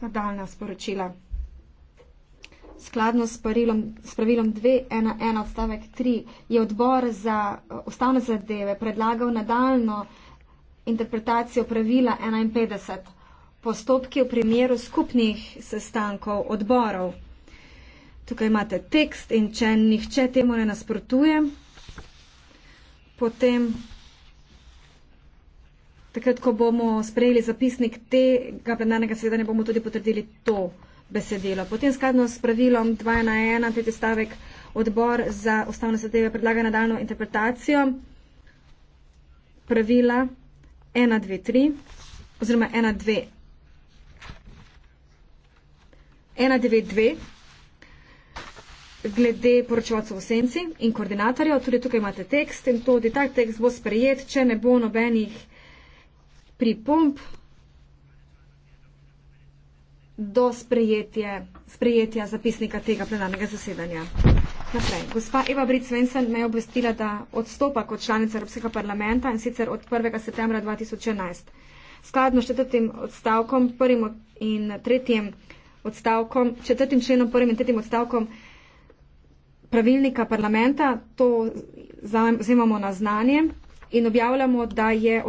Nadaljna sporočila. Skladno s, parilom, s pravilom 2.1.1 odstavek 3 je odbor za eh, ustavne zadeve predlagal nadaljno interpretacijo pravila 51. Postopki v primeru skupnih sestankov odborov. Tukaj imate tekst in če nihče temu ne nasprotuje, potem takrat, ko bomo sprejeli zapisnik tega plenarnega svedanja, bomo tudi potrdili to besedilo. Potem skladno s pravilom 2 na 1, tretji stavek, odbor za ustavne zadeve predlaga nadaljno interpretacijo pravila 1, 2, 3 oziroma 1, 2, 1, 2, 2 glede poročevalcev v senci in koordinatorjev. Tudi tukaj imate tekst in tudi tak tekst bo sprejet, če ne bo nobenih pripomb do sprejetje, sprejetja zapisnika tega plenarnega zasedanja. Naprej. Gospa Eva Britz-Svensen me je obvestila, da odstopa kot članica Evropskega parlamenta in sicer od 1. septembra 2011. Skladno s četrtim odstavkom, prvim in tretjim odstavkom, četrtim členom, prvim in tretjim odstavkom pravilnika parlamenta, to vzemamo na znanje in objavljamo, da je